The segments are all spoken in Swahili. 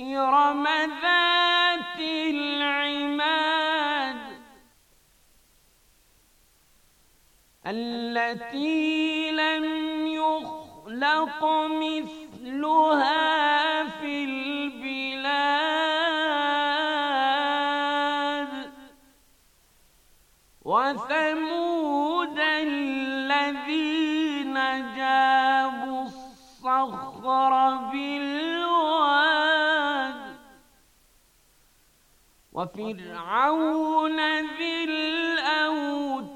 إرم ذات العماد التي لم يخلق مثلها وفرعون ذي الأوتاد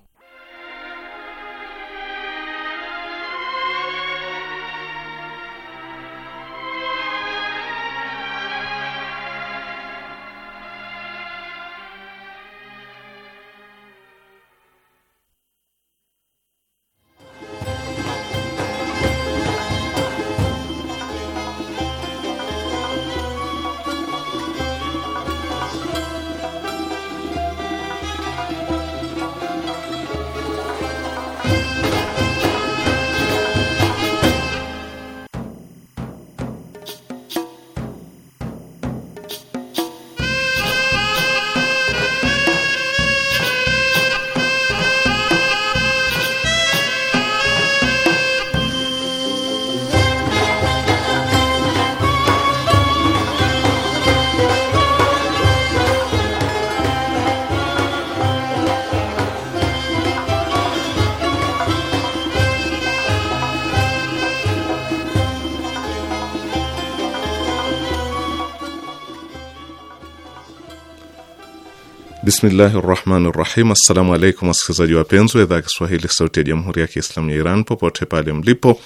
Bismillahi rahmani rahim. Assalamu alaikum wasikilizaji wapenzi wa idhaa ya Kiswahili sauti ya jamhuri ya Kiislamu ya Iran popote pale mlipo,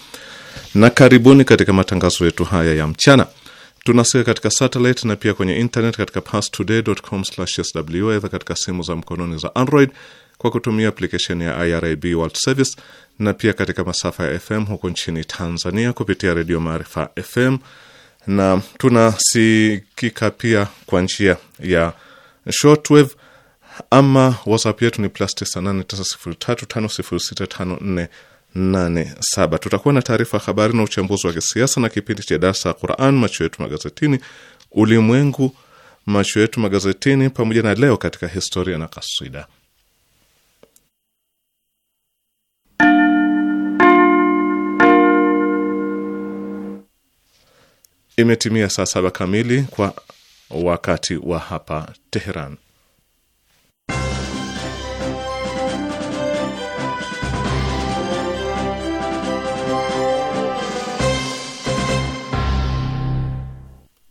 na karibuni katika matangazo yetu haya ya mchana. Tunasika katika satelit na pia kwenye internet katika pastoday.com/sw, aidha katika simu za mkononi za Android kwa kutumia aplikesheni ya IRIB World Service na pia katika masafa ya FM huko nchini Tanzania kupitia redio Maarifa FM, na tunasikika pia kwa njia ya shortwave ama WhatsApp yetu ni plus 989035065487. Tutakuwa na taarifa habari na uchambuzi wa kisiasa na kipindi cha darasa ya Quran, macho yetu magazetini, ulimwengu macho yetu magazetini, pamoja na leo katika historia na kasida. Imetimia saa saba kamili kwa wakati wa hapa Teheran.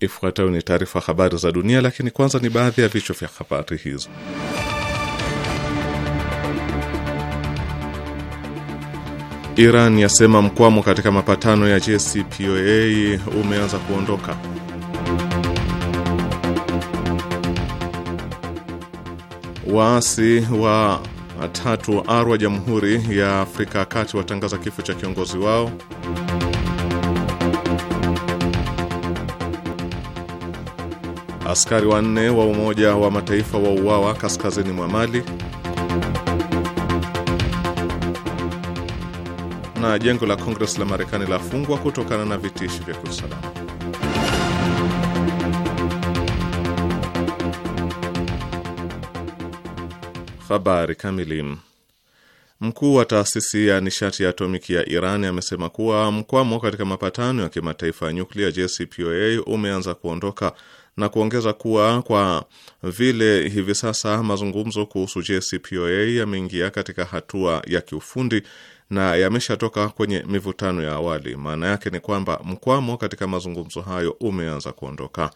Ifuatayo ni taarifa habari za dunia, lakini kwanza ni baadhi ya vichwa vya habari hizo. Iran yasema mkwamo katika mapatano ya JCPOA umeanza kuondoka. Waasi wa tatu R wa Jamhuri ya Afrika ya Kati watangaza kifo cha kiongozi wao. Askari wanne wa Umoja wa Mataifa wa uawa kaskazini mwa Mali, na jengo la Kongres la Marekani lafungwa kutokana na vitishi vya kiusalama. Habari kamili. Mkuu wa taasisi ya nishati ya atomiki ya Iran amesema kuwa mkwamo katika mapatano ya kimataifa ya nyuklia JCPOA umeanza kuondoka na kuongeza kuwa kwa vile hivi sasa mazungumzo kuhusu JCPOA yameingia katika hatua ya kiufundi na yameshatoka kwenye mivutano ya awali, maana yake ni kwamba mkwamo katika mazungumzo hayo umeanza kuondoka.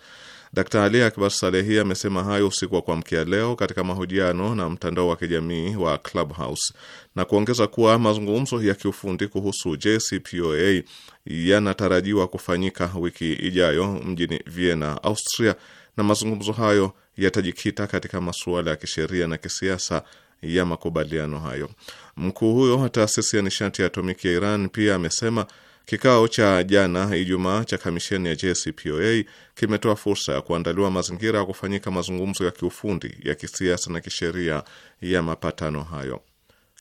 Dkt Ali Akbar Salehi amesema hayo usiku wa kuamkia leo katika mahojiano na mtandao wa kijamii wa Clubhouse na kuongeza kuwa mazungumzo ya kiufundi kuhusu JCPOA yanatarajiwa kufanyika wiki ijayo mjini Vienna, Austria, na mazungumzo hayo yatajikita katika masuala ya kisheria na kisiasa ya makubaliano hayo. Mkuu huyo wa taasisi ya nishati ya atomiki ya Iran pia amesema Kikao cha jana Ijumaa cha kamisheni ya JCPOA kimetoa fursa ya kuandaliwa mazingira ya kufanyika mazungumzo ya kiufundi ya kisiasa na kisheria ya mapatano hayo.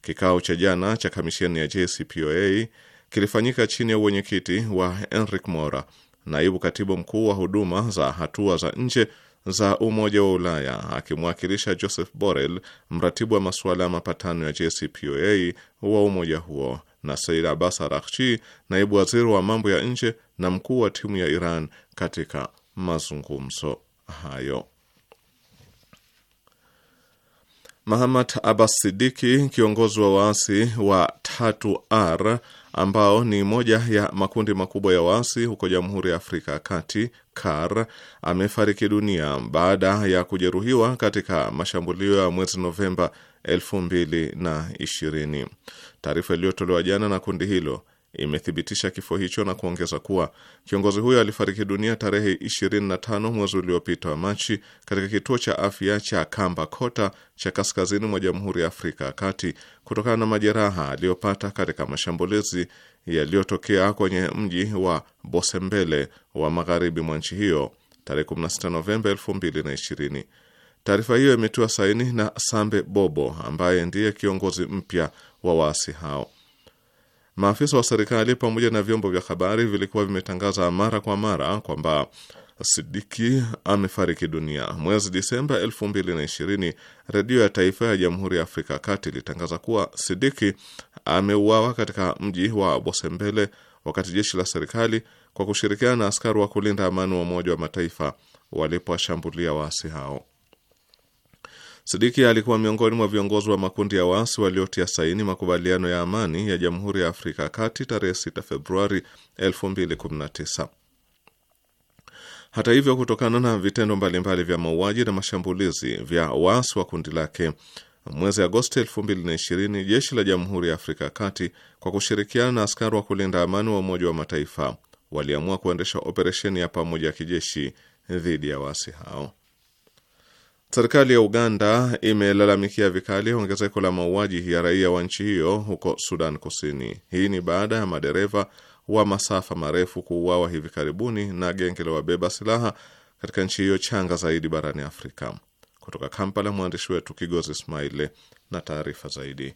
Kikao cha jana cha kamisheni ya JCPOA kilifanyika chini ya uwenyekiti wa Enric Mora, naibu katibu mkuu wa huduma za hatua za nje za Umoja wa Ulaya, akimwakilisha Joseph Borrell, mratibu wa masuala ya mapatano ya JCPOA wa umoja huo na Said Abbas Araghchi, naibu waziri wa mambo ya nje na mkuu wa timu ya Iran katika mazungumzo hayo. Mahamad Abbas Sidiki, kiongozi wa waasi wa tatu r ambao ni moja ya makundi makubwa ya waasi huko Jamhuri ya Afrika ya Kati, CAR, amefariki dunia baada ya kujeruhiwa katika mashambulio ya mwezi Novemba 2020. Taarifa iliyotolewa jana na kundi hilo imethibitisha kifo hicho na kuongeza kuwa kiongozi huyo alifariki dunia tarehe 25 mwezi uliopita wa Machi katika kituo cha afya cha Kamba Kota cha kaskazini mwa Jamhuri ya Afrika ya Kati kutokana na majeraha aliyopata katika mashambulizi yaliyotokea kwenye mji wa Bosembele wa magharibi mwa nchi hiyo tarehe 16 Novemba 2020. Taarifa hiyo imetiwa saini na Sambe Bobo ambaye ndiye kiongozi mpya wa waasi hao. Maafisa wa serikali pamoja na vyombo vya habari vilikuwa vimetangaza mara kwa mara kwamba Sidiki amefariki dunia. Mwezi Disemba 2020, redio ya taifa ya Jamhuri ya Afrika ya Kati ilitangaza kuwa Sidiki ameuawa katika mji wa Bosembele wakati jeshi la serikali kwa kushirikiana na askari wa kulinda amani wa Umoja wa Mataifa walipowashambulia waasi hao. Sidiki alikuwa miongoni mwa viongozi wa makundi ya waasi waliotia saini makubaliano ya amani ya Jamhuri ya Afrika ya Kati tarehe 6 Februari 2019. Hata hivyo, kutokana na vitendo mbalimbali vya mauaji na mashambulizi vya waasi wa kundi lake, mwezi Agosti 2020 jeshi la Jamhuri ya Afrika ya Kati kwa kushirikiana na askari wa kulinda amani wa Umoja wa Mataifa waliamua kuendesha operesheni ya pamoja ya kijeshi dhidi ya waasi hao. Serikali ya Uganda imelalamikia vikali ongezeko la mauaji ya raia wa nchi hiyo huko Sudan Kusini. Hii ni baada ya madereva wa masafa marefu kuuawa hivi karibuni na genge la wabeba silaha katika nchi hiyo changa zaidi barani Afrika. Kutoka Kampala, mwandishi wetu Kigozi Ismaile na taarifa zaidi.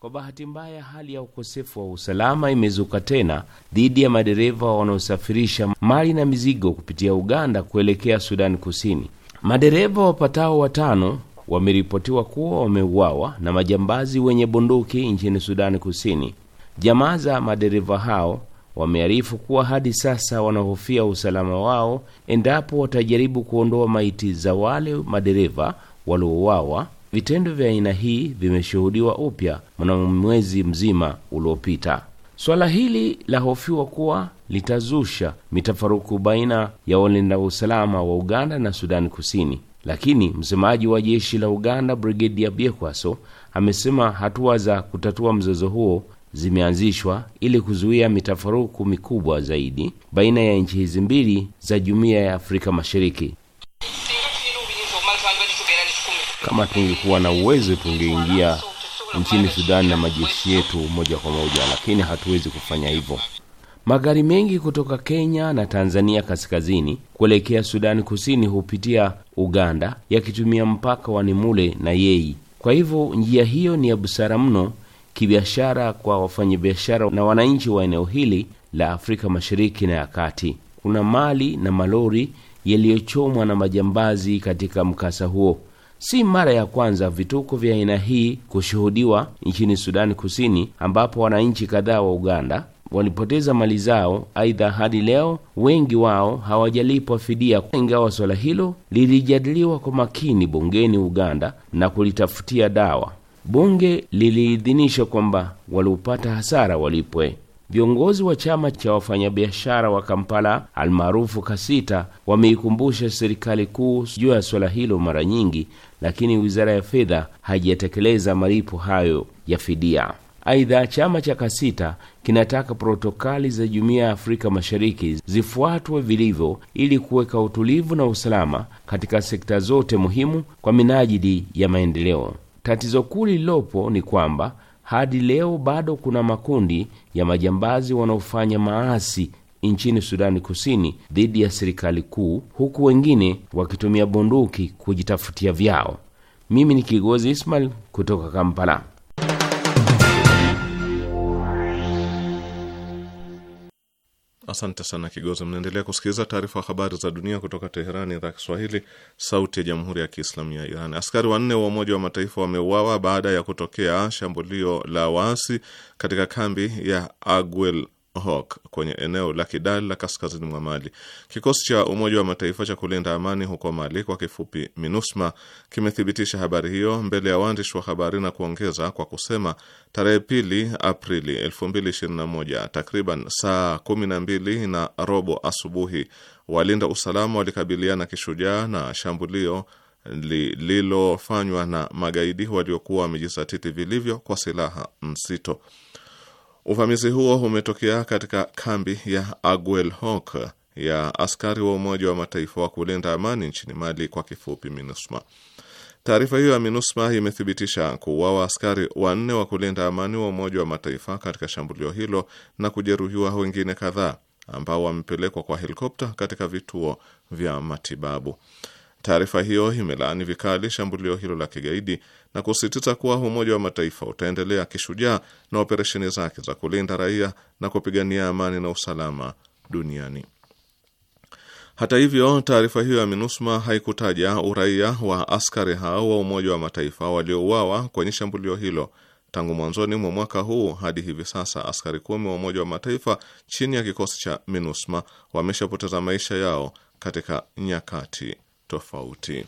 Kwa bahati mbaya, hali ya ukosefu wa usalama imezuka tena dhidi ya madereva wanaosafirisha mali na mizigo kupitia Uganda kuelekea Sudani Kusini. Madereva wapatao watano wameripotiwa kuwa wameuawa na majambazi wenye bunduki nchini Sudani Kusini. Jamaa za madereva hao wamearifu kuwa hadi sasa wanahofia usalama wao endapo watajaribu kuondoa maiti za wale madereva waliouawa Vitendo vya aina hii vimeshuhudiwa upya mnamo mwezi mzima uliopita. Swala hili lahofiwa kuwa litazusha mitafaruku baina ya walinda usalama wa Uganda na Sudani Kusini, lakini msemaji wa jeshi la Uganda Brigedia Byekwaso amesema hatua za kutatua mzozo huo zimeanzishwa ili kuzuia mitafaruku mikubwa zaidi baina ya nchi hizi mbili za Jumuiya ya Afrika Mashariki. Kama tungekuwa na uwezo, tungeingia nchini Sudani na majeshi yetu moja kwa moja, lakini hatuwezi kufanya hivyo. Magari mengi kutoka Kenya na Tanzania kaskazini kuelekea Sudani kusini hupitia Uganda yakitumia mpaka wa Nimule na Yei. Kwa hivyo njia hiyo ni ya busara mno kibiashara kwa wafanyabiashara na wananchi wa eneo hili la Afrika Mashariki na ya Kati. Kuna mali na malori yaliyochomwa na majambazi katika mkasa huo. Si mara ya kwanza vituko vya aina hii kushuhudiwa nchini Sudani Kusini, ambapo wananchi kadhaa wa Uganda walipoteza mali zao. Aidha, hadi leo wengi wao hawajalipwa fidia, ingawa swala hilo lilijadiliwa kwa makini bungeni Uganda na kulitafutia dawa. Bunge liliidhinisha kwamba waliopata hasara walipwe. Viongozi wa chama cha wafanyabiashara wa Kampala almaarufu Kasita wameikumbusha serikali kuu juu ya swala hilo mara nyingi, lakini wizara ya fedha haijatekeleza malipo hayo ya fidia. Aidha, chama cha Kasita kinataka protokali za Jumuiya ya Afrika Mashariki zifuatwe vilivyo ili kuweka utulivu na usalama katika sekta zote muhimu kwa minajili ya maendeleo. Tatizo kuu lililopo ni kwamba hadi leo bado kuna makundi ya majambazi wanaofanya maasi nchini Sudani Kusini dhidi ya serikali kuu, huku wengine wakitumia bunduki kujitafutia vyao. Mimi ni Kigozi Ismail kutoka Kampala. Asante sana Kigozi. Mnaendelea kusikiliza taarifa ya habari za dunia kutoka Teherani, idhaa Kiswahili, sauti ya jamhuri ya kiislamu ya Iran. Askari wanne wa Umoja wa Mataifa wameuawa baada ya kutokea shambulio la waasi katika kambi ya Aguel Hawk kwenye eneo la Kidal la kaskazini mwa Mali. Kikosi cha Umoja wa Mataifa cha kulinda amani huko Mali, kwa kifupi MINUSMA, kimethibitisha habari hiyo mbele ya waandishi wa habari na kuongeza kwa kusema, tarehe pili Aprili 2021 takriban saa 12 na robo asubuhi, walinda usalama walikabiliana kishujaa na shambulio lililofanywa na magaidi waliokuwa wamejizatiti vilivyo kwa silaha nzito. Uvamizi huo umetokea katika kambi ya Aguel Hawk ya askari wa Umoja wa Mataifa wa kulinda amani nchini Mali, kwa kifupi MINUSMA. Taarifa hiyo ya MINUSMA imethibitisha kuuawa askari wanne wa kulinda amani wa Umoja wa Mataifa katika shambulio hilo na kujeruhiwa wengine kadhaa ambao wamepelekwa kwa helikopta katika vituo vya matibabu. Taarifa hiyo imelaani vikali shambulio hilo la kigaidi na kusisitiza kuwa Umoja wa Mataifa utaendelea kishujaa na operesheni zake za kulinda raia na kupigania amani na usalama duniani. Hata hivyo, taarifa hiyo ya MINUSMA haikutaja uraia wa askari hao wa Umoja wa Mataifa waliouawa kwenye shambulio hilo. Tangu mwanzoni mwa mwaka huu hadi hivi sasa askari kumi wa Umoja wa Mataifa chini ya kikosi cha MINUSMA wameshapoteza maisha yao katika nyakati tofauti.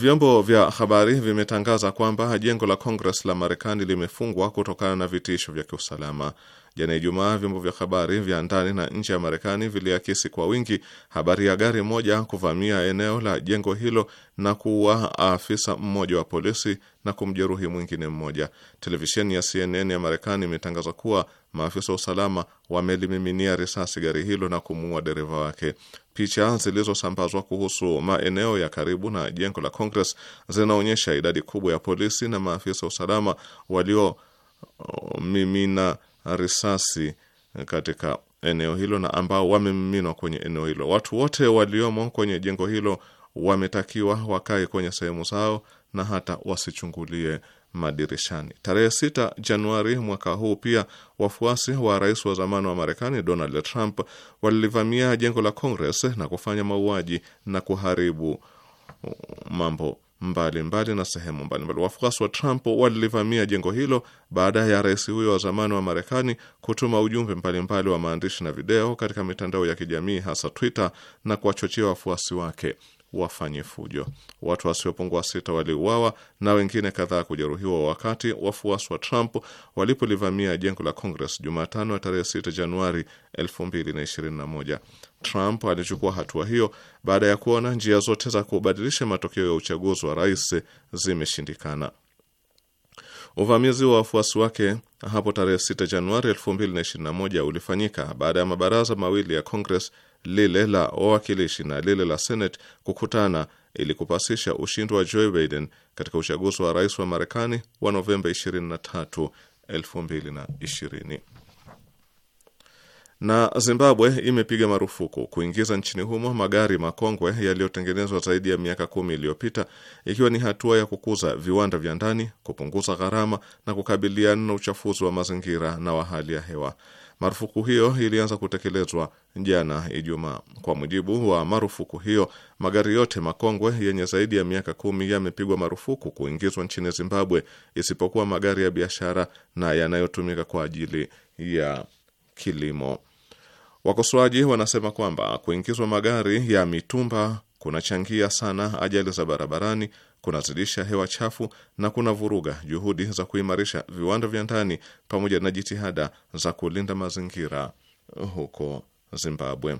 Vyombo vya habari vimetangaza kwamba jengo la Kongres la Marekani limefungwa kutokana na vitisho vya kiusalama. Jana Ijumaa, vyombo vya habari vya ndani na nje ya Marekani viliakisi kwa wingi habari ya gari moja kuvamia eneo la jengo hilo na kuua afisa mmoja wa polisi na kumjeruhi mwingine mmoja. Televisheni ya CNN ya Marekani imetangaza kuwa maafisa wa usalama wamelimiminia risasi gari hilo na kumuua dereva wake. Picha zilizosambazwa kuhusu maeneo ya karibu na jengo la Congress zinaonyesha idadi kubwa ya polisi na maafisa wa usalama waliomimina risasi katika eneo hilo na ambao wamemiminwa kwenye eneo hilo. Watu wote waliomo kwenye jengo hilo wametakiwa wakae kwenye sehemu zao na hata wasichungulie madirishani. Tarehe 6 Januari mwaka huu pia wafuasi wa rais wa zamani wa Marekani Donald Trump walilivamia jengo la Congress na kufanya mauaji na kuharibu mambo mbalimbali mbali na sehemu mbalimbali. Wafuasi wa Trump walilivamia jengo hilo baada ya rais huyo wa zamani wa Marekani kutuma ujumbe mbalimbali wa maandishi na video katika mitandao ya kijamii hasa Twitter na kuwachochea wafuasi wake wafanye fujo. Watu wasiopungua sita waliuawa na wengine kadhaa kujeruhiwa wakati wafuasi wa Trump walipolivamia jengo la Congress Jumatano ya tarehe 6 Januari 2021. Trump alichukua hatua hiyo baada ya kuona njia zote za kubadilisha matokeo ya uchaguzi wa rais zimeshindikana. Uvamizi wa wafuasi wake hapo tarehe 6 Januari 2021 ulifanyika baada ya mabaraza mawili ya Congress lile la wawakilishi na lile la Senate kukutana ili kupasisha ushindi wa Joe Biden katika uchaguzi wa rais wa Marekani wa Novemba 23, 2020. Na Zimbabwe imepiga marufuku kuingiza nchini humo magari makongwe yaliyotengenezwa zaidi ya miaka kumi iliyopita ikiwa ni hatua ya kukuza viwanda vya ndani, kupunguza gharama na kukabiliana na uchafuzi wa mazingira na wa hali ya hewa. Marufuku hiyo ilianza kutekelezwa jana Ijumaa. Kwa mujibu wa marufuku hiyo, magari yote makongwe yenye zaidi ya miaka kumi yamepigwa marufuku kuingizwa nchini Zimbabwe, isipokuwa magari ya biashara na yanayotumika kwa ajili ya kilimo. Wakosoaji wanasema kwamba kuingizwa magari ya mitumba kunachangia sana ajali za barabarani, kunazidisha hewa chafu na kuna vuruga juhudi za kuimarisha viwanda vya ndani pamoja na jitihada za kulinda mazingira huko Zimbabwe.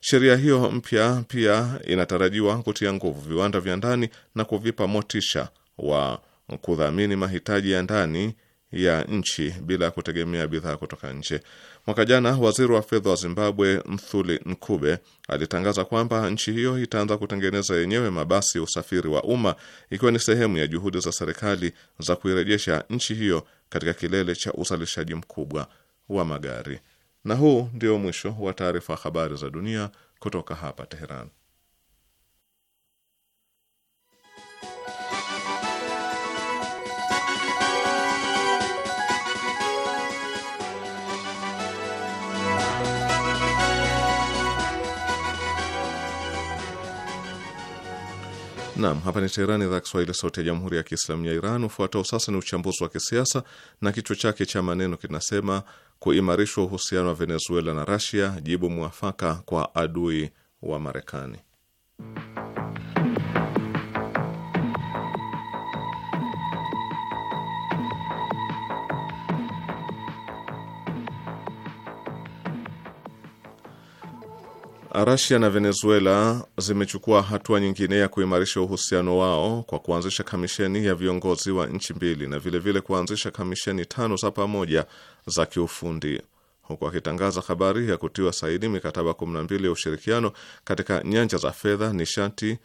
Sheria hiyo mpya pia inatarajiwa kutia nguvu viwanda vya ndani na kuvipa motisha wa kudhamini mahitaji ya ndani ya nchi bila kutegemea bidhaa kutoka nje. Mwaka jana waziri wa fedha wa Zimbabwe Mthuli Nkube alitangaza kwamba nchi hiyo itaanza kutengeneza yenyewe mabasi ya usafiri wa umma ikiwa ni sehemu ya juhudi za serikali za kuirejesha nchi hiyo katika kilele cha uzalishaji mkubwa wa magari. Na huu ndio mwisho wa taarifa habari za dunia kutoka hapa Teheran. Naam, hapa ni Teherani, idhaa Kiswahili, sauti ya jamhuri ya kiislamu ya Iran. Ufuatao sasa ni uchambuzi wa kisiasa na kichwa chake cha maneno kinasema kuimarishwa uhusiano wa Venezuela na Rasia, jibu mwafaka kwa adui wa Marekani. Rasia na Venezuela zimechukua hatua nyingine ya kuimarisha uhusiano wao kwa kuanzisha kamisheni ya viongozi wa nchi mbili na vilevile vile kuanzisha kamisheni tano za pamoja za kiufundi, huku akitangaza habari ya kutiwa saini mikataba 12 ya ushirikiano katika nyanja za fedha, nishati,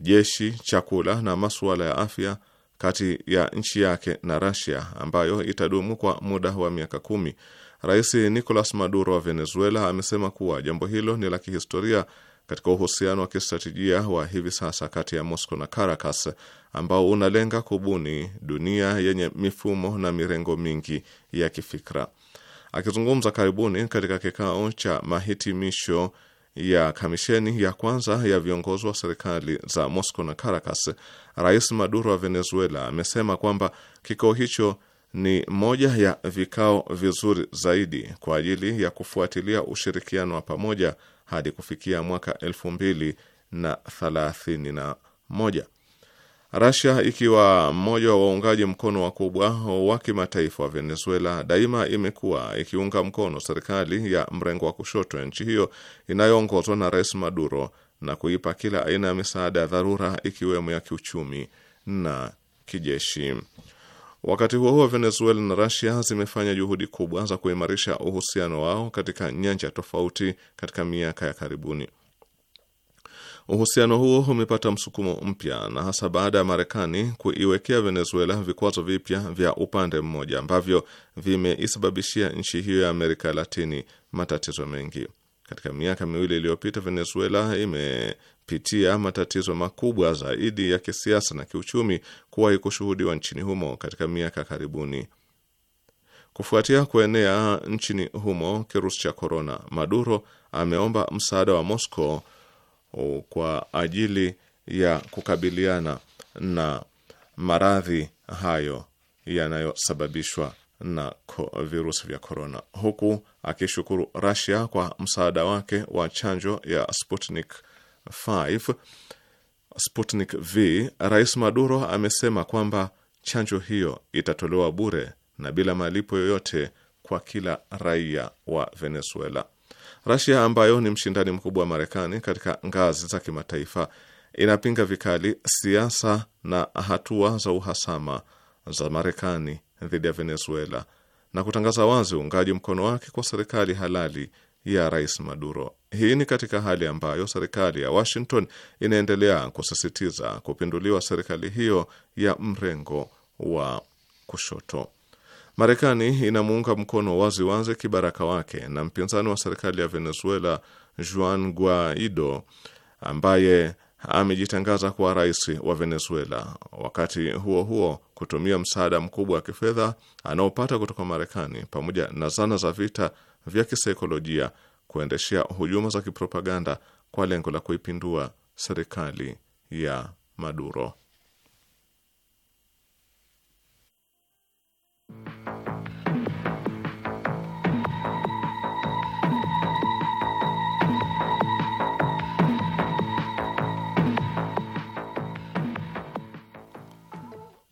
jeshi, chakula na masuala ya afya kati ya nchi yake na Rasia ambayo itadumu kwa muda wa miaka kumi. Rais Nicolas Maduro wa Venezuela amesema kuwa jambo hilo ni la kihistoria katika uhusiano wa kistratejia wa hivi sasa kati ya Moscow na Caracas ambao unalenga kubuni dunia yenye mifumo na mirengo mingi ya kifikra. Akizungumza karibuni katika kikao cha mahitimisho ya kamisheni ya kwanza ya viongozi wa serikali za Moscow na Caracas, Rais Maduro wa Venezuela amesema kwamba kikao hicho ni moja ya vikao vizuri zaidi kwa ajili ya kufuatilia ushirikiano wa pamoja hadi kufikia mwaka elfu mbili na thelathini na moja. Rasia ikiwa mmoja wa waungaji mkono wakubwa wa kimataifa wa Venezuela, daima imekuwa ikiunga mkono serikali ya mrengo wa kushoto ya nchi hiyo inayoongozwa na Rais Maduro na kuipa kila aina ya misaada ya dharura ikiwemo ya kiuchumi na kijeshi. Wakati huo huo, Venezuela na rusia zimefanya juhudi kubwa za kuimarisha uhusiano wao katika nyanja tofauti katika miaka ya karibuni. Uhusiano huo umepata msukumo mpya na hasa baada ya Marekani kuiwekea Venezuela vikwazo vipya vya upande mmoja ambavyo vimeisababishia nchi hiyo ya Amerika Latini matatizo mengi. Katika miaka miwili iliyopita, Venezuela ime pitia matatizo makubwa zaidi ya kisiasa na kiuchumi kuwahi kushuhudiwa nchini humo katika miaka karibuni. Kufuatia kuenea nchini humo kirusi cha korona, Maduro ameomba msaada wa Moscow kwa ajili ya kukabiliana na maradhi hayo yanayosababishwa na virusi vya korona, huku akishukuru Russia kwa msaada wake wa chanjo ya Sputnik 5 Sputnik V, Rais Maduro amesema kwamba chanjo hiyo itatolewa bure na bila malipo yoyote kwa kila raia wa Venezuela. Rasia ambayo ni mshindani mkubwa wa Marekani katika ngazi za kimataifa inapinga vikali siasa na hatua za uhasama za Marekani dhidi ya Venezuela na kutangaza wazi uungaji mkono wake kwa serikali halali ya Rais Maduro. Hii ni katika hali ambayo serikali ya Washington inaendelea kusisitiza kupinduliwa serikali hiyo ya mrengo wa kushoto. Marekani inamuunga mkono waziwazi kibaraka wake na mpinzani wa serikali ya Venezuela Juan Guaido ambaye amejitangaza kuwa rais wa Venezuela, wakati huo huo kutumia msaada mkubwa wa kifedha anaopata kutoka Marekani pamoja na zana za vita vya kisaikolojia kuendeshea hujuma za kipropaganda kwa lengo la kuipindua serikali ya Maduro.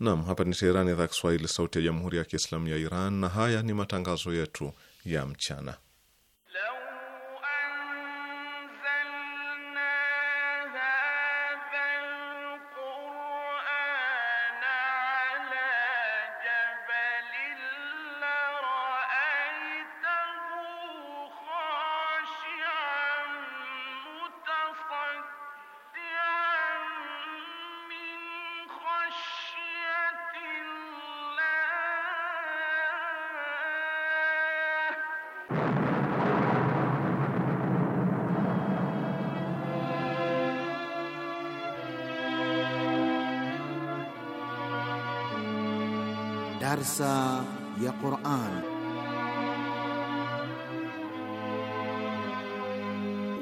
nam hapa ni Teherani, idhaa Kiswahili, sauti ya jamhuri ya kiislamu ya Iran, na haya ni matangazo yetu ya mchana.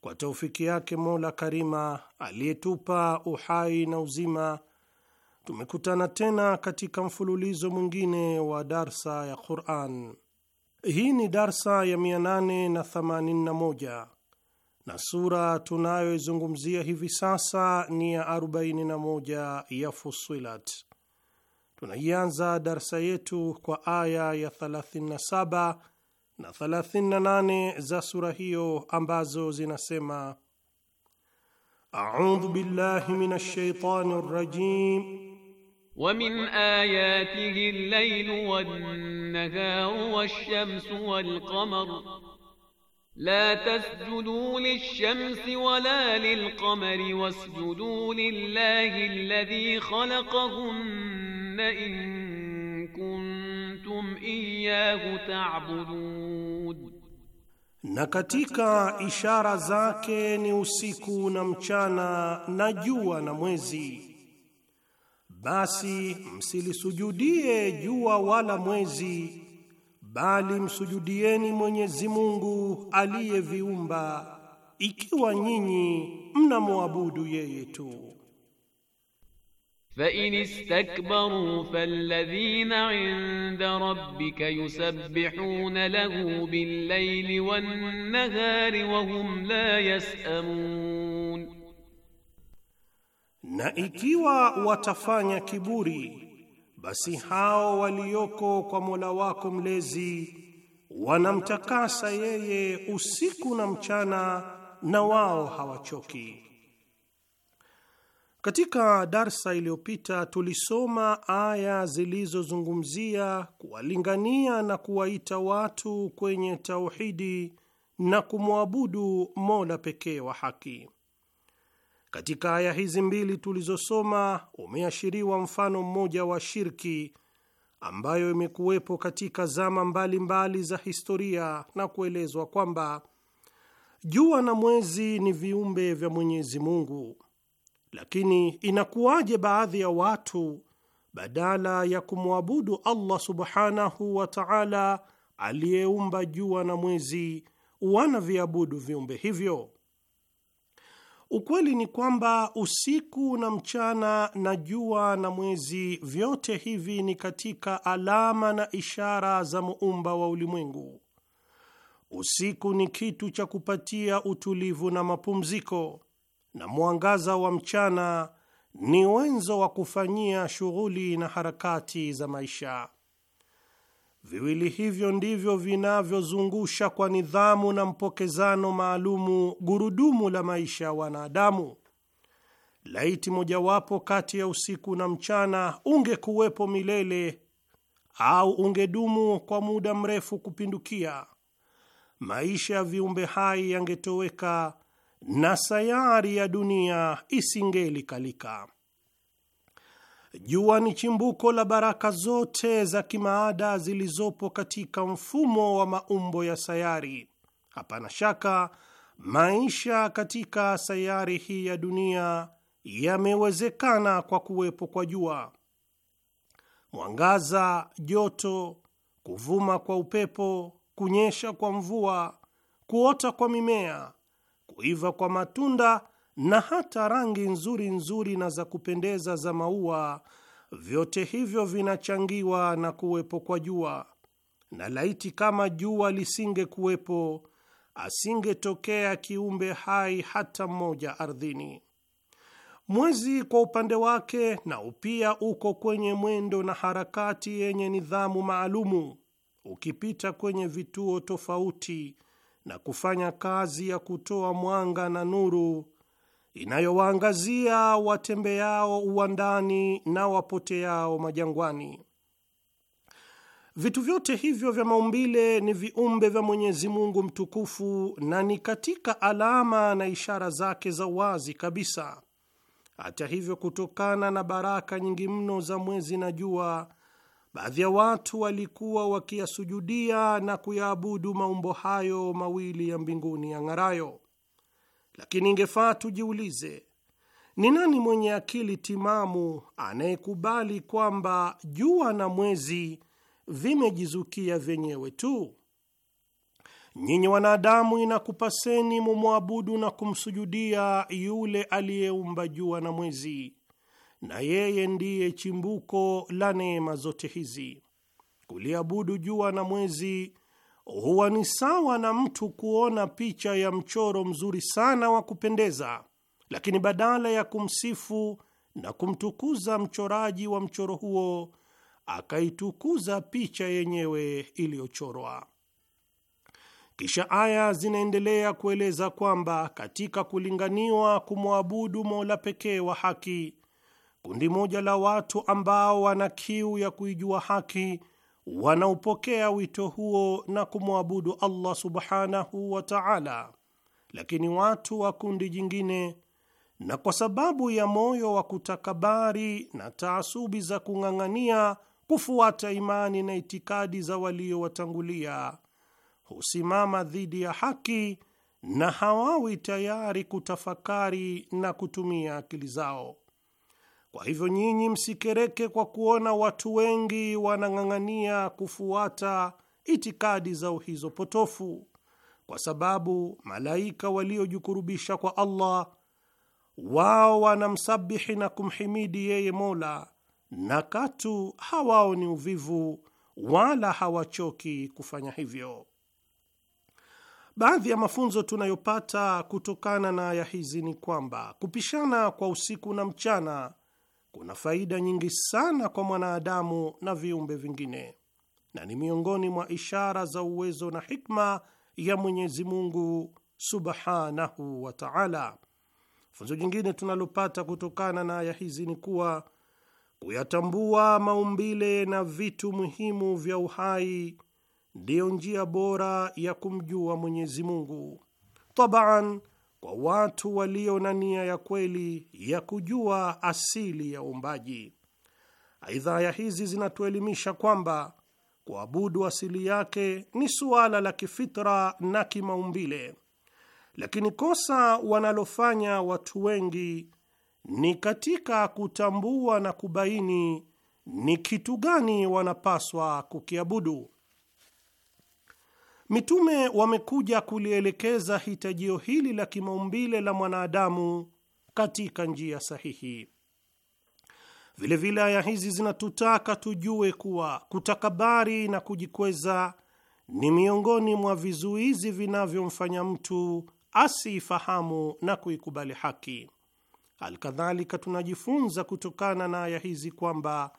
kwa taufiki yake Mola Karima aliyetupa uhai na uzima, tumekutana tena katika mfululizo mwingine wa darsa ya Quran. Hii ni darsa ya 881 na sura tunayoizungumzia hivi sasa ni ya 41 ya Fusilat. Tunaianza darsa yetu kwa aya ya 37 na 38 za sura hiyo ambazo zinasema: a'udhu billahi minash shaitani rrajim wa min ayatihi al-laylu wan-naharu wash-shamsu wal-qamaru la tasjudu lish-shamsi wala lil-qamari wasjudu lillahi alladhi khalaqahunna in kuntum kuntum iyyahu ta'budun, na katika ishara zake ni usiku na mchana na jua na mwezi. Basi msilisujudie jua wala mwezi, bali msujudieni Mwenyezi Mungu aliyeviumba, ikiwa nyinyi mnamwabudu yeye tu. Fain istakbaru falladhina inda rabbika yusabbihuna lahu billayli wannahari wahum la yasamun, na ikiwa watafanya kiburi, basi hao walioko kwa Mola wako mlezi wanamtakasa yeye usiku na mchana, na wao hawachoki. Katika darsa iliyopita tulisoma aya zilizozungumzia kuwalingania na kuwaita watu kwenye tauhidi na kumwabudu Mola pekee wa haki. Katika aya hizi mbili tulizosoma, umeashiriwa mfano mmoja wa shirki ambayo imekuwepo katika zama mbalimbali mbali za historia na kuelezwa kwamba jua na mwezi ni viumbe vya Mwenyezi Mungu lakini inakuwaje baadhi ya watu badala ya kumwabudu Allah subhanahu wa ta'ala aliyeumba jua na mwezi wanaviabudu viumbe hivyo? Ukweli ni kwamba usiku na mchana na jua na mwezi, vyote hivi ni katika alama na ishara za muumba wa ulimwengu. Usiku ni kitu cha kupatia utulivu na mapumziko na mwangaza wa mchana ni wenzo wa kufanyia shughuli na harakati za maisha. Viwili hivyo ndivyo vinavyozungusha kwa nidhamu na mpokezano maalumu gurudumu la maisha ya wanadamu. Laiti mojawapo kati ya usiku na mchana ungekuwepo milele au ungedumu kwa muda mrefu kupindukia, maisha ya viumbe hai yangetoweka na sayari ya dunia isingelikalika. Jua ni chimbuko la baraka zote za kimaada zilizopo katika mfumo wa maumbo ya sayari. Hapana shaka maisha katika sayari hii ya dunia yamewezekana kwa kuwepo kwa jua. Mwangaza, joto, kuvuma kwa upepo, kunyesha kwa mvua, kuota kwa mimea kuiva kwa matunda na hata rangi nzuri nzuri na za kupendeza za maua, vyote hivyo vinachangiwa na kuwepo kwa jua. Na laiti kama jua lisingekuwepo, asingetokea kiumbe hai hata mmoja ardhini. Mwezi kwa upande wake nao pia uko kwenye mwendo na harakati yenye nidhamu maalumu, ukipita kwenye vituo tofauti na kufanya kazi ya kutoa mwanga na nuru inayowaangazia watembeao uwandani na wapoteao majangwani. Vitu vyote hivyo vya maumbile ni viumbe vya Mwenyezi Mungu mtukufu na ni katika alama na ishara zake za wazi kabisa. Hata hivyo, kutokana na baraka nyingi mno za mwezi na jua baadhi ya watu walikuwa wakiyasujudia na kuyaabudu maumbo hayo mawili ya mbinguni yang'arayo. Lakini ingefaa tujiulize, ni nani mwenye akili timamu anayekubali kwamba jua na mwezi vimejizukia vyenyewe tu? Nyinyi wanadamu, inakupaseni mumwabudu na kumsujudia yule aliyeumba jua na mwezi na yeye ndiye chimbuko la neema zote hizi. Kuliabudu jua na mwezi huwa ni sawa na mtu kuona picha ya mchoro mzuri sana wa kupendeza, lakini badala ya kumsifu na kumtukuza mchoraji wa mchoro huo, akaitukuza picha yenyewe iliyochorwa. Kisha aya zinaendelea kueleza kwamba katika kulinganiwa kumwabudu Mola pekee wa haki kundi moja la watu ambao wana kiu ya kuijua haki wanaupokea wito huo na kumwabudu Allah subhanahu wa ta'ala, lakini watu wa kundi jingine, na kwa sababu ya moyo wa kutakabari na taasubi za kung'ang'ania kufuata imani na itikadi za waliowatangulia, husimama dhidi ya haki na hawawi tayari kutafakari na kutumia akili zao. Kwa hivyo nyinyi msikereke kwa kuona watu wengi wanang'ang'ania kufuata itikadi zao hizo potofu, kwa sababu malaika waliojikurubisha kwa Allah wao wanamsabihi na kumhimidi yeye Mola, na katu hawaoni uvivu wala hawachoki kufanya hivyo. Baadhi ya mafunzo tunayopata kutokana na aya hizi ni kwamba kupishana kwa usiku na mchana kuna faida nyingi sana kwa mwanadamu na viumbe vingine, na ni miongoni mwa ishara za uwezo na hikma ya Mwenyezi Mungu subhanahu wa taala. Funzo jingine tunalopata kutokana na aya hizi ni kuwa kuyatambua maumbile na vitu muhimu vya uhai ndiyo njia bora ya kumjua Mwenyezi Mungu. Tabaan, kwa watu walio na nia ya kweli ya kujua asili ya uumbaji. Aidha, aya hizi zinatuelimisha kwamba kuabudu asili yake ni suala la kifitra na kimaumbile, lakini kosa wanalofanya watu wengi ni katika kutambua na kubaini ni kitu gani wanapaswa kukiabudu. Mitume wamekuja kulielekeza hitajio hili la kimaumbile la mwanadamu katika njia sahihi. Vilevile aya hizi zinatutaka tujue kuwa kutakabari na kujikweza ni miongoni mwa vizuizi vinavyomfanya mtu asiifahamu na kuikubali haki. Alkadhalika, tunajifunza kutokana na aya hizi kwamba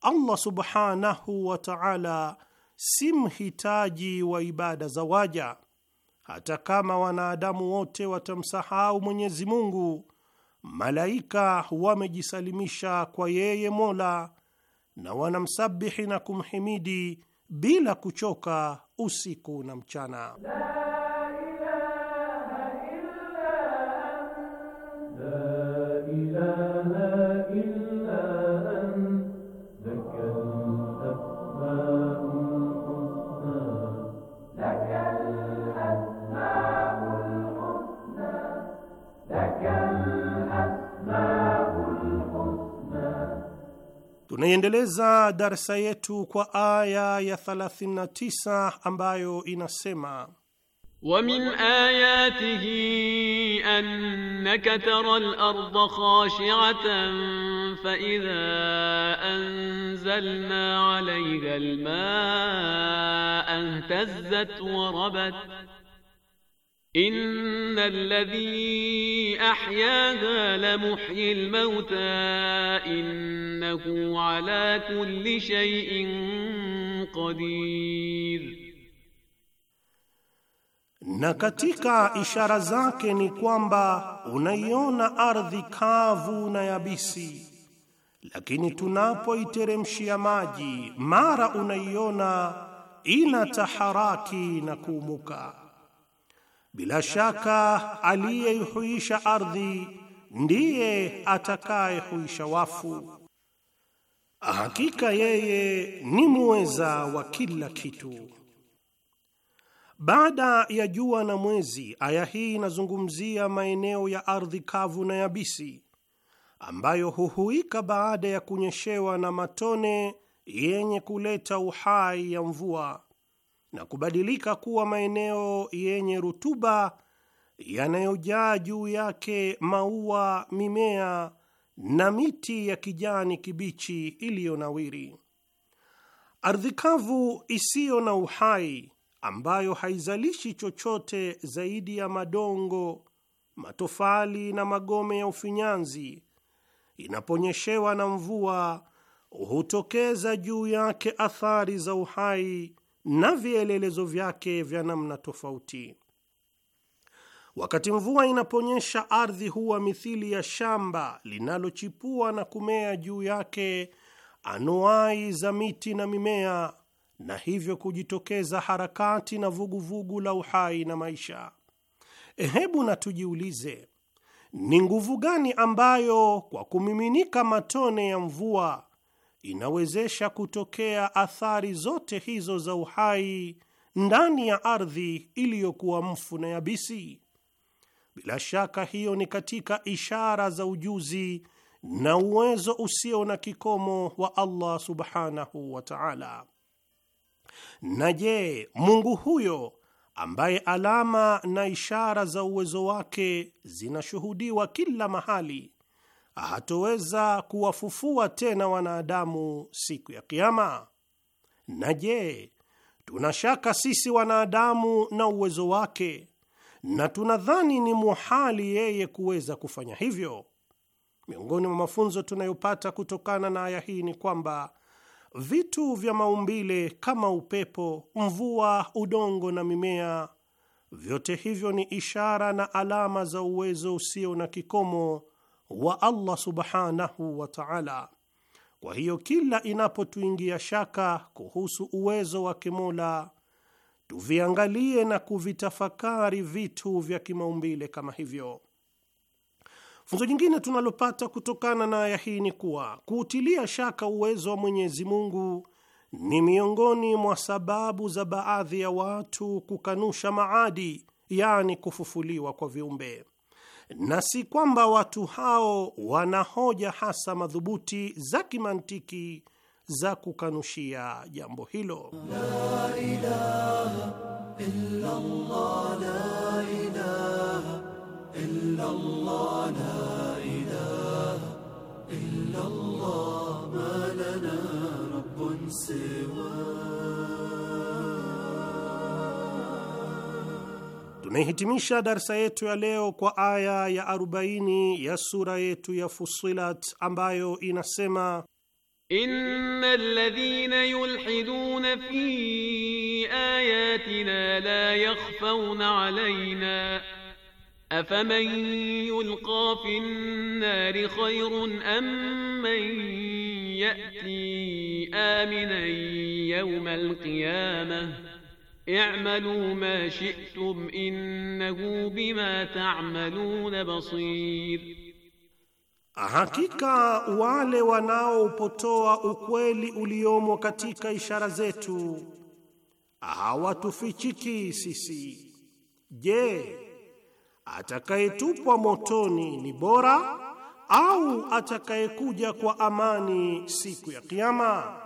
Allah subhanahu wa ta'ala si mhitaji wa ibada za waja. Hata kama wanadamu wote watamsahau Mwenyezi Mungu, malaika wamejisalimisha kwa yeye Mola na wanamsabihi na kumhimidi bila kuchoka usiku na mchana. Tunaiendeleza darsa yetu kwa aya ya 39 ambayo inasema ومن آياته أنك ترى الأرض خاشعة فإذا أنزلنا عليها الماء اهتزت وربت Inna alladhi ahyaha la muhyi almauta innahu ala kulli shay'in qadir, na katika ishara zake ni kwamba unaiona ardhi kavu na yabisi, lakini tunapoiteremshia maji mara unaiona ina taharaki na kuumuka bila shaka aliyeihuisha ardhi ndiye atakayehuisha wafu. Hakika yeye ni muweza wa kila kitu. Baada ya jua na mwezi, aya hii inazungumzia maeneo ya ardhi kavu na yabisi ambayo huhuika baada ya kunyeshewa na matone yenye kuleta uhai ya mvua na kubadilika kuwa maeneo yenye rutuba yanayojaa juu yake maua, mimea na miti ya kijani kibichi iliyonawiri. Ardhi kavu isiyo na uhai ambayo haizalishi chochote zaidi ya madongo, matofali na magome ya ufinyanzi, inaponyeshewa na mvua hutokeza juu yake athari za uhai na vielelezo vyake vya namna tofauti. Wakati mvua inaponyesha, ardhi huwa mithili ya shamba linalochipua na kumea juu yake anuai za miti na mimea, na hivyo kujitokeza harakati na vuguvugu vugu la uhai na maisha. Hebu na tujiulize, ni nguvu gani ambayo kwa kumiminika matone ya mvua inawezesha kutokea athari zote hizo za uhai ndani ya ardhi iliyokuwa mfu na yabisi? Bila shaka hiyo ni katika ishara za ujuzi na uwezo usio na kikomo wa Allah subhanahu wa ta'ala. Na je, Mungu huyo ambaye alama na ishara za uwezo wake zinashuhudiwa kila mahali hatoweza kuwafufua tena wanadamu siku ya Kiama? Na je, tuna shaka sisi wanadamu na uwezo wake, na tunadhani ni muhali yeye kuweza kufanya hivyo? Miongoni mwa mafunzo tunayopata kutokana na aya hii ni kwamba vitu vya maumbile kama upepo, mvua, udongo na mimea, vyote hivyo ni ishara na alama za uwezo usio na kikomo wa Allah subhanahu wa ta'ala. Kwa hiyo kila inapotuingia shaka kuhusu uwezo wa kimola, tuviangalie na kuvitafakari vitu vya kimaumbile kama hivyo. Funzo jingine tunalopata kutokana na aya hii ni kuwa kuutilia shaka uwezo wa Mwenyezi Mungu ni miongoni mwa sababu za baadhi ya watu kukanusha maadi, yaani kufufuliwa kwa viumbe na si kwamba watu hao wana hoja hasa madhubuti za kimantiki za kukanushia jambo hilo. siwa Tunaihitimisha darsa yetu ya leo kwa aya ya 40 ya sura yetu ya Fusilat ambayo inasema Innal ladhina yulhiduna fi ayatina la yakhfawna alayna afaman yulqa fi an-nari khayrun am man ya'ti aminan yawma al-qiyamah i'malu ma shi'tum innahu bima ta'maluna basir, hakika wale wanaopotoa ukweli uliomo katika ishara zetu hawatufichiki sisi. Je, atakayetupwa motoni ni bora au atakayekuja kwa amani siku ya Kiyama?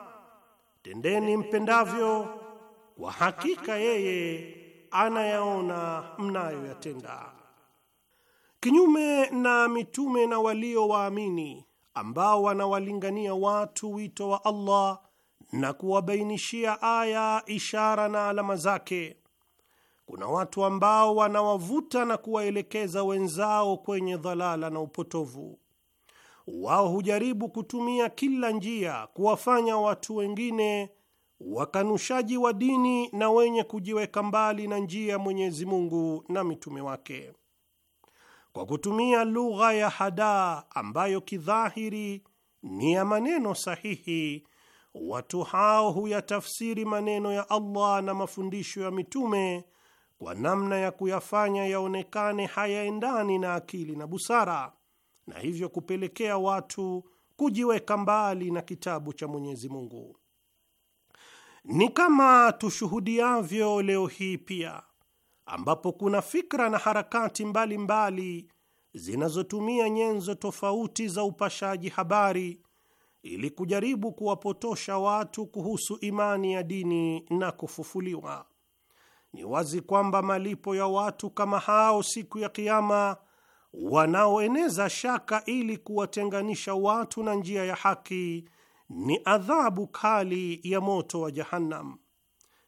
Tendeni mpendavyo kwa hakika yeye anayaona mnayoyatenda. Kinyume na mitume na waliowaamini ambao wanawalingania watu wito wa Allah na kuwabainishia aya, ishara na alama zake, kuna watu ambao wanawavuta na kuwaelekeza wenzao kwenye dhalala na upotovu. Wao hujaribu kutumia kila njia kuwafanya watu wengine wakanushaji wa dini na wenye kujiweka mbali na njia ya Mwenyezi Mungu na mitume wake, kwa kutumia lugha ya hadaa ambayo kidhahiri ni ya maneno sahihi. Watu hao huyatafsiri maneno ya Allah na mafundisho ya mitume kwa namna ya kuyafanya yaonekane hayaendani na akili na busara, na hivyo kupelekea watu kujiweka mbali na kitabu cha Mwenyezi Mungu. Ni kama tushuhudiavyo leo hii pia, ambapo kuna fikra na harakati mbalimbali zinazotumia nyenzo tofauti za upashaji habari ili kujaribu kuwapotosha watu kuhusu imani ya dini na kufufuliwa. Ni wazi kwamba malipo ya watu kama hao siku ya Kiama, wanaoeneza shaka ili kuwatenganisha watu na njia ya haki ni adhabu kali ya moto wa Jahannam,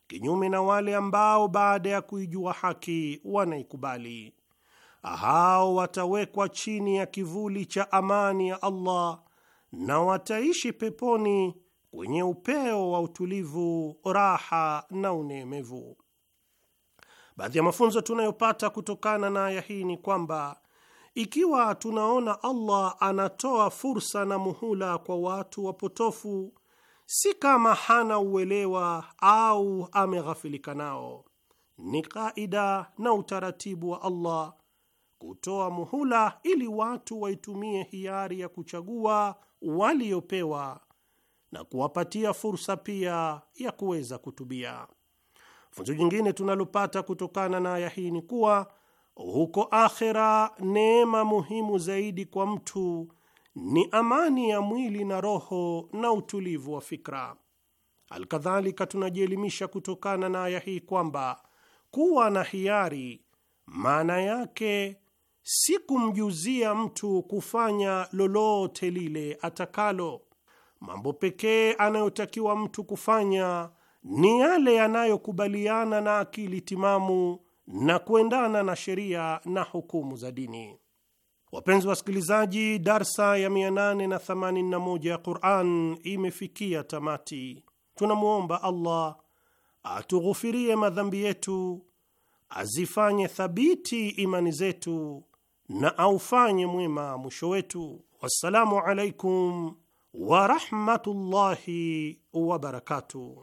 kinyume na wale ambao baada ya kuijua haki wanaikubali. Hao watawekwa chini ya kivuli cha amani ya Allah na wataishi peponi kwenye upeo wa utulivu, raha na uneemevu. Baadhi ya mafunzo tunayopata kutokana na aya hii ni kwamba ikiwa tunaona Allah anatoa fursa na muhula kwa watu wapotofu, si kama hana uelewa au ameghafilika nao. Ni kaida na utaratibu wa Allah kutoa muhula ili watu waitumie hiari ya kuchagua waliopewa na kuwapatia fursa pia ya kuweza kutubia. Funzo jingine tunalopata kutokana na aya hii ni kuwa huko akhera, neema muhimu zaidi kwa mtu ni amani ya mwili na roho na utulivu wa fikra. Alkadhalika, tunajielimisha kutokana na aya hii kwamba kuwa na hiari maana yake si kumjuzia mtu kufanya lolote lile atakalo. Mambo pekee anayotakiwa mtu kufanya ni yale yanayokubaliana na akili timamu na kuendana na sheria na hukumu za dini. Wapenzi wasikilizaji, darsa ya 881 ya Quran imefikia tamati. Tunamwomba Allah atughufirie madhambi yetu, azifanye thabiti imani zetu na aufanye mwema mwisho wetu. Wassalamu alaikum warahmatullahi wabarakatuh.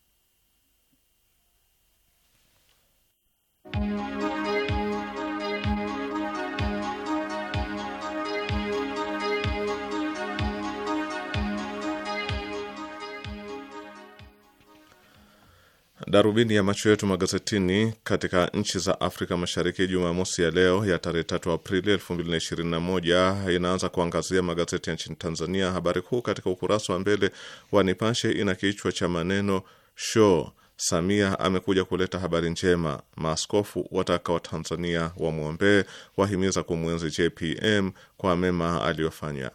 Darubini ya macho yetu magazetini katika nchi za Afrika Mashariki Jumamosi ya leo ya tarehe 3 Aprili 2021 inaanza kuangazia magazeti ya nchini Tanzania. Habari kuu katika ukurasa wa mbele wa Nipashe ina kichwa cha maneno show Samia amekuja kuleta habari njema, maaskofu wataka Watanzania wamwombee, wahimiza kumwenzi JPM kwa mema aliyofanya.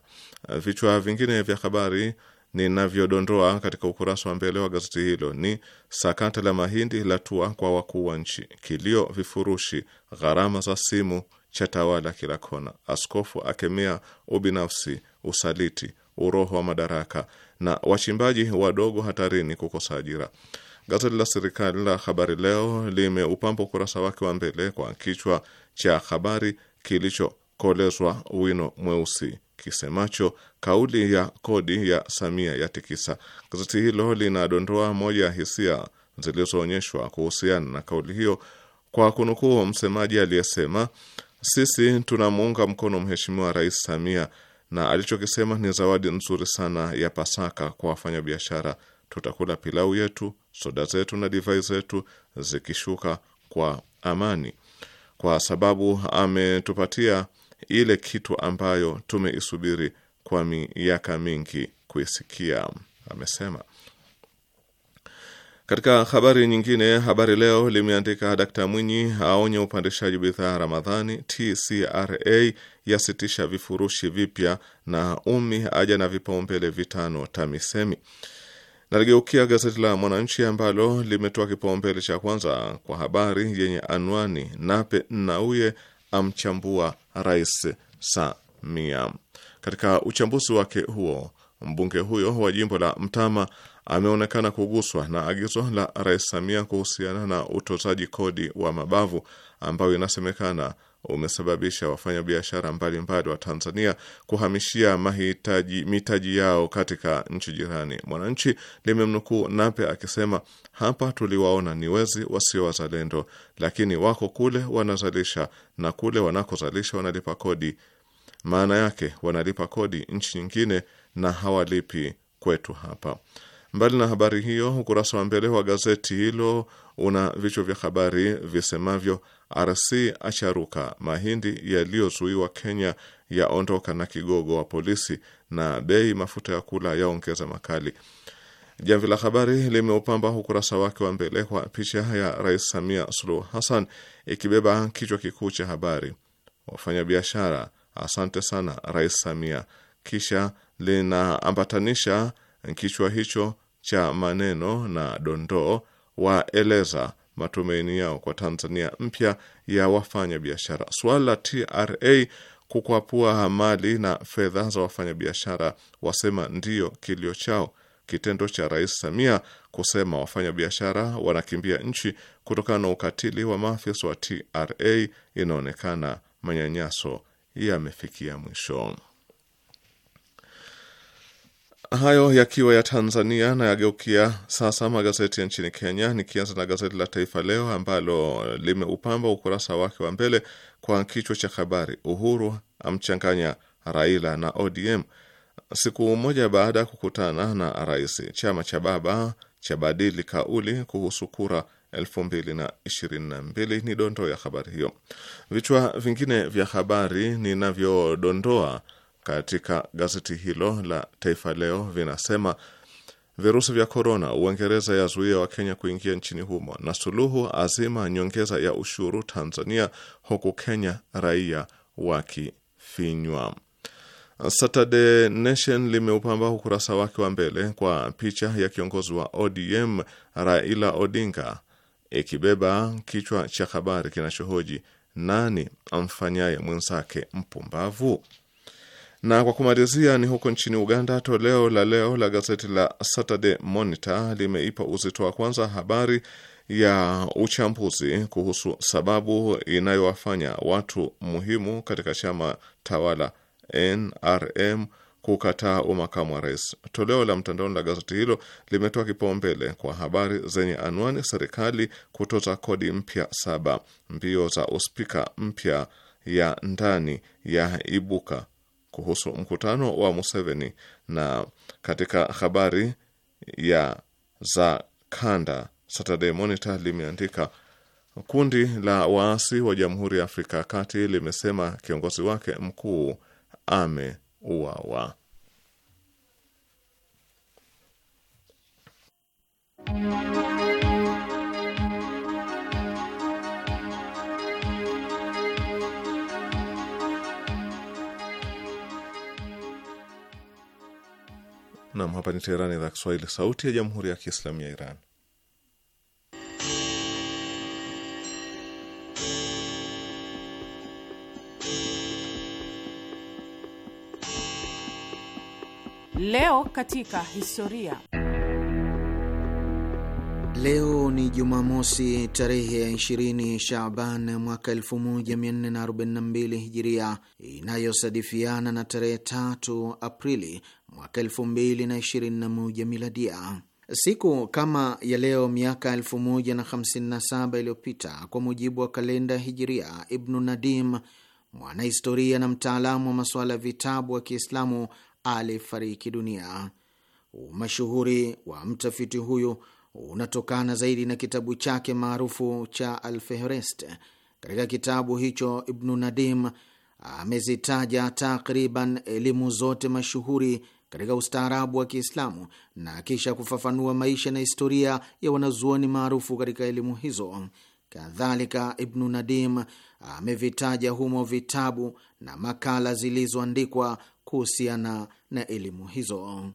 Vichwa vingine vya habari ninavyodondoa katika ukurasa wa mbele wa gazeti hilo ni sakata la mahindi la tua kwa wakuu wa nchi, kilio vifurushi, gharama za simu cha tawala kila kona, askofu akemea ubinafsi, usaliti, uroho wa madaraka, na wachimbaji wadogo hatarini kukosa ajira. Gazeti la serikali la Habari Leo limeupamba ukurasa wake wa mbele kwa kichwa cha habari kilichokolezwa wino mweusi kisemacho kauli ya kodi ya Samia ya tikisa Gazeti hilo linadondoa moja ya hisia zilizoonyeshwa kuhusiana na kauli hiyo kwa kunukuu msemaji aliyesema, sisi tunamuunga mkono Mheshimiwa Rais Samia na alichokisema ni zawadi nzuri sana ya Pasaka kwa wafanyabiashara. Tutakula pilau yetu, soda zetu na divai zetu zikishuka kwa amani, kwa sababu ametupatia ile kitu ambayo tumeisubiri kwa miaka mingi kuisikia, amesema. Katika habari nyingine, Habari Leo limeandika Dkt Mwinyi aonye upandishaji bidhaa Ramadhani. TCRA yasitisha vifurushi vipya na umi aja na vipaumbele vitano TAMISEMI. Naligeukia gazeti la Mwananchi ambalo limetoa kipaumbele cha kwanza kwa habari yenye anwani Nape Nnauye amchambua Rais Samia. Katika uchambuzi wake huo, mbunge huyo wa jimbo la Mtama ameonekana kuguswa na agizo la Rais Samia kuhusiana na utozaji kodi wa mabavu ambayo inasemekana umesababisha wafanyabiashara mbalimbali wa Tanzania kuhamishia mahitaji mitaji yao katika nchi jirani. Mwananchi limemnukuu Nape akisema, hapa tuliwaona ni wezi wasio wazalendo, lakini wako kule wanazalisha na kule wanakozalisha wanalipa kodi. Maana yake wanalipa kodi nchi nyingine na hawalipi kwetu hapa. Mbali na habari hiyo, ukurasa wa mbele wa gazeti hilo una vichwa vya habari visemavyo RC acharuka, mahindi yaliyozuiwa Kenya yaondoka na kigogo wa polisi, na bei mafuta ya kula yaongeza makali. Jamvi la Habari limeupamba ukurasa wake wa mbele kwa picha ya Rais Samia Suluhu Hassan ikibeba kichwa kikuu cha habari, wafanyabiashara asante sana Rais Samia. Kisha linaambatanisha kichwa hicho cha maneno na dondoo, waeleza matumaini yao kwa Tanzania mpya ya wafanya biashara. Suala la TRA kukwapua mali na fedha za wafanyabiashara wasema ndiyo kilio chao. Kitendo cha Rais Samia kusema wafanyabiashara wanakimbia nchi kutokana na ukatili wa maafisa wa TRA inaonekana manyanyaso yamefikia mwisho. Hayo yakiwa ya Tanzania na yageukia sasa magazeti ya nchini Kenya, nikianza na gazeti la Taifa Leo ambalo limeupamba ukurasa wake wa mbele kwa kichwa cha habari, Uhuru amchanganya Raila na ODM. Siku moja baada ya kukutana na rais, chama cha baba cha badili kauli kuhusu kura 2022 ni dondoo ya habari hiyo. Vichwa vingine vya habari ninavyodondoa katika gazeti hilo la Taifa Leo vinasema virusi vya korona, Uingereza yazuia Wakenya kuingia nchini humo, na Suluhu azima nyongeza ya ushuru Tanzania, huku Kenya raia wakifinywa. Saturday Nation limeupamba ukurasa wake wa mbele kwa picha ya kiongozi wa ODM Raila Odinga ikibeba kichwa cha habari kinachohoji nani amfanyaye mwenzake mpumbavu. Na kwa kumalizia ni huko nchini Uganda, toleo la leo la gazeti la Saturday Monitor limeipa uzito wa kwanza habari ya uchambuzi kuhusu sababu inayowafanya watu muhimu katika chama tawala NRM kukataa umakamu wa rais. Toleo la mtandaoni la gazeti hilo limetoa kipaumbele kwa habari zenye anwani, serikali kutoza kodi mpya saba, mbio za uspika mpya ya ndani ya ibuka kuhusu mkutano wa Museveni na katika habari ya za kanda Saturday Monitor limeandika kundi la waasi wa Jamhuri ya Afrika ya Kati limesema kiongozi wake mkuu ameuawa. Nam, hapa ni Teherani, idhaa Kiswahili, sauti ya jamhuri ya kiislamu ya Iran. Leo katika historia. Leo ni Jumamosi tarehe ya 20 Shaban mwaka 1442 Hijiria, inayosadifiana na tarehe 3 Aprili mwaka 2021 miladia. Siku kama ya leo miaka 157 iliyopita kwa mujibu wa kalenda Hijiria, Ibnu Nadim, mwanahistoria na mtaalamu wa masuala ya vitabu wa Kiislamu, alifariki dunia. Umashuhuri wa mtafiti huyu unatokana zaidi na kitabu chake maarufu cha Alfehrest. Katika kitabu hicho Ibnu Nadim amezitaja takriban elimu zote mashuhuri katika ustaarabu wa Kiislamu na kisha kufafanua maisha na historia ya wanazuoni maarufu katika elimu hizo. Kadhalika, Ibnu Nadim amevitaja humo vitabu na makala zilizoandikwa kuhusiana na elimu hizo.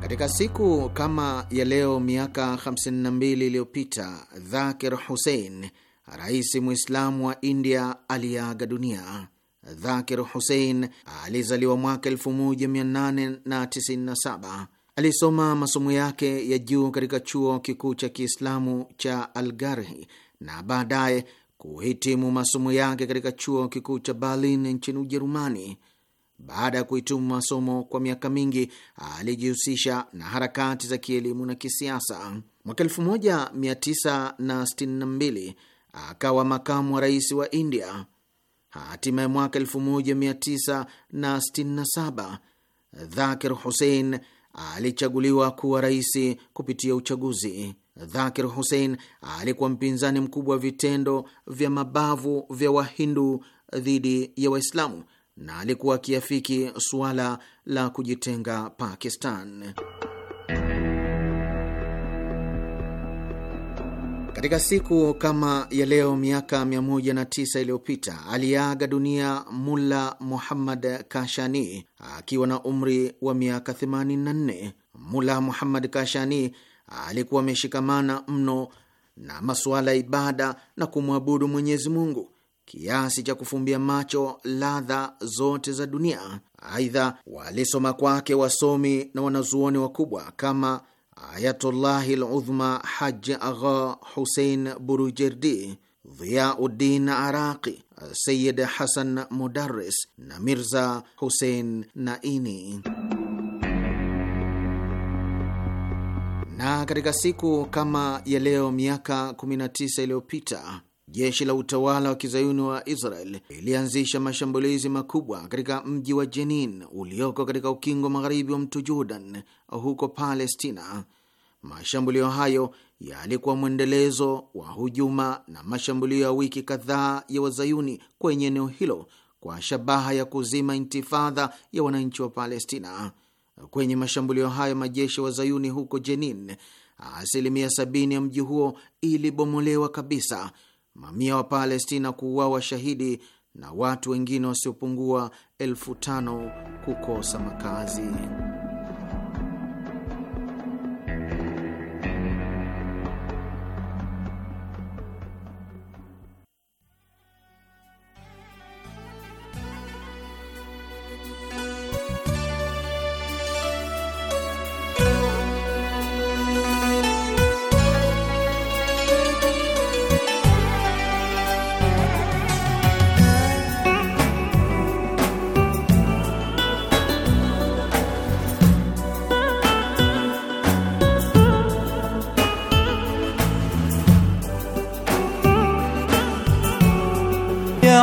Katika siku kama ya leo miaka 52 iliyopita Dhakir Hussein, rais mwislamu wa India, aliyeaga dunia. Dhakir Hussein alizaliwa mwaka 1897. Alisoma masomo yake ya juu katika chuo kikuu cha Kiislamu cha Algarhi na baadaye kuhitimu masomo yake katika chuo kikuu cha Berlin nchini Ujerumani. Baada ya kuhitimu masomo kwa miaka mingi, alijihusisha na harakati za kielimu na kisiasa. Mwaka 1962 akawa makamu wa rais wa India. Hatimaye mwaka 1967 Dhakir Hussein alichaguliwa kuwa rais kupitia uchaguzi. Dhakir Hussein alikuwa mpinzani mkubwa wa vitendo vya mabavu vya Wahindu dhidi ya Waislamu na alikuwa akiafiki suala la kujitenga Pakistan. Katika siku kama ya leo miaka 109 iliyopita aliaga dunia Mulla Muhammad Kashani akiwa na umri wa miaka 84. Mulla Muhammad Kashani alikuwa ameshikamana mno na masuala ya ibada na kumwabudu Mwenyezi Mungu kiasi cha kufumbia macho ladha zote za dunia. Aidha, walisoma kwake wasomi na wanazuoni wakubwa kama Ayatullahi Ludhma Haji Agha Husein Burujerdi, Dhiyauddin Araqi, Sayid Hasan Mudaris na Mirza Husein Naini. Na katika siku kama ya leo miaka 19 iliyopita jeshi la utawala wa kizayuni wa Israel ilianzisha mashambulizi makubwa katika mji wa Jenin ulioko katika ukingo magharibi wa mto Jordan huko Palestina. Mashambulio hayo yalikuwa mwendelezo wa hujuma na mashambulio ya wiki kadhaa ya wazayuni kwenye eneo hilo kwa shabaha ya kuzima intifadha ya wananchi wa Palestina. Kwenye mashambulio hayo majeshi ya wazayuni huko Jenin, asilimia sabini ya mji huo ilibomolewa kabisa mamia wa Palestina kuuawa shahidi na watu wengine wasiopungua elfu tano kukosa makazi.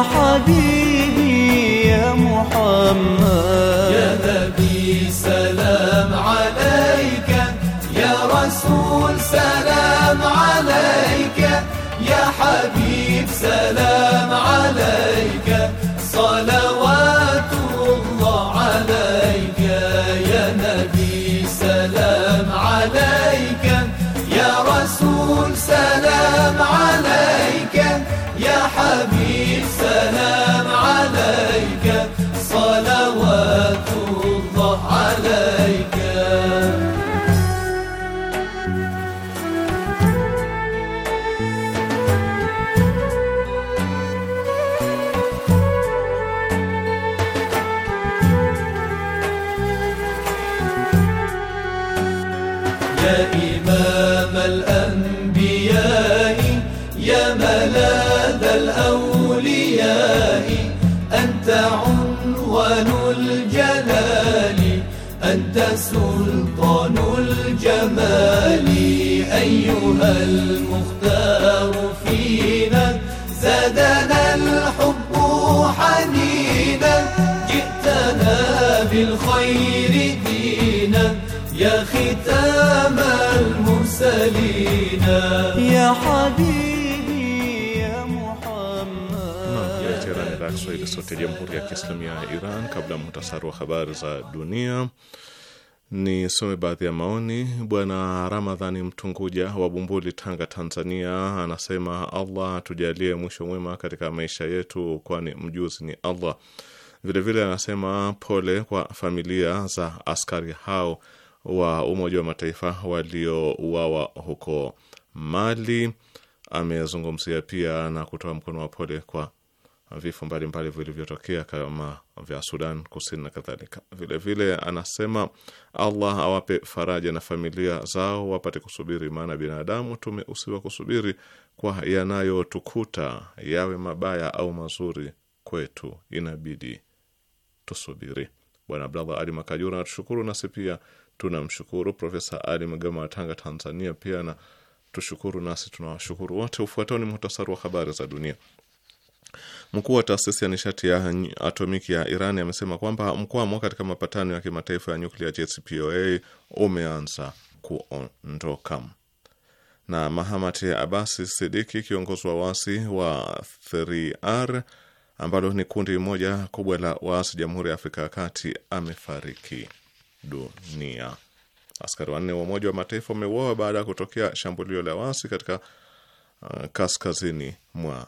حبيبي يا محمد يا نبي سلام عليك يا رسول سلام الأمالي أيها المختار فينا زادنا الحب حنينا جئتنا بالخير دينا يا ختام المرسلين يا حبيبي يا محمد نعم، يا تيران الأقصى إلى صوت الجمهورية الإسلامية إيران قبل متصار وخبار زاد دنيا Nisome baadhi ya maoni. Bwana Ramadhani Mtunguja wa Bumbuli, Tanga, Tanzania, anasema Allah atujalie mwisho mwema katika maisha yetu, kwani mjuzi ni Allah. Vilevile anasema pole kwa familia za askari hao wa Umoja wa Mataifa waliouawa huko Mali. Amezungumzia pia na kutoa mkono wa pole kwa vifo mbalimbali vilivyotokea kama vya Sudan Kusini na kadhalika. Vilevile anasema Allah awape faraja na familia zao wapate kusubiri, maana binadamu tumeusiwa kusubiri kwa yanayotukuta, yawe mabaya au mazuri kwetu, inabidi tusubiri. Bwana Abdallah Ali Makajura natushukuru, nasi pia tunamshukuru. Profesa Ali mgama wa Tanga, Tanzania pia na tushukuru, nasi tunawashukuru wote. Ufuatao ni muhtasari wa habari za dunia. Mkuu wa taasisi ya nishati ya atomiki ya Iran amesema kwamba mkwamo katika mapatano ya kimataifa ya nyuklia JCPOA umeanza kuondoka. Na Mahamat Abasi Sidiki, kiongozi wa waasi wa 3R ambalo ni kundi moja kubwa la waasi Jamhuri ya Afrika ya Kati, amefariki dunia. Askari wanne wa Umoja wa Mataifa wameuawa baada ya kutokea shambulio la waasi katika uh, kaskazini mwa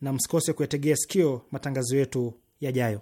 na msikose kuyategea sikio matangazo yetu yajayo.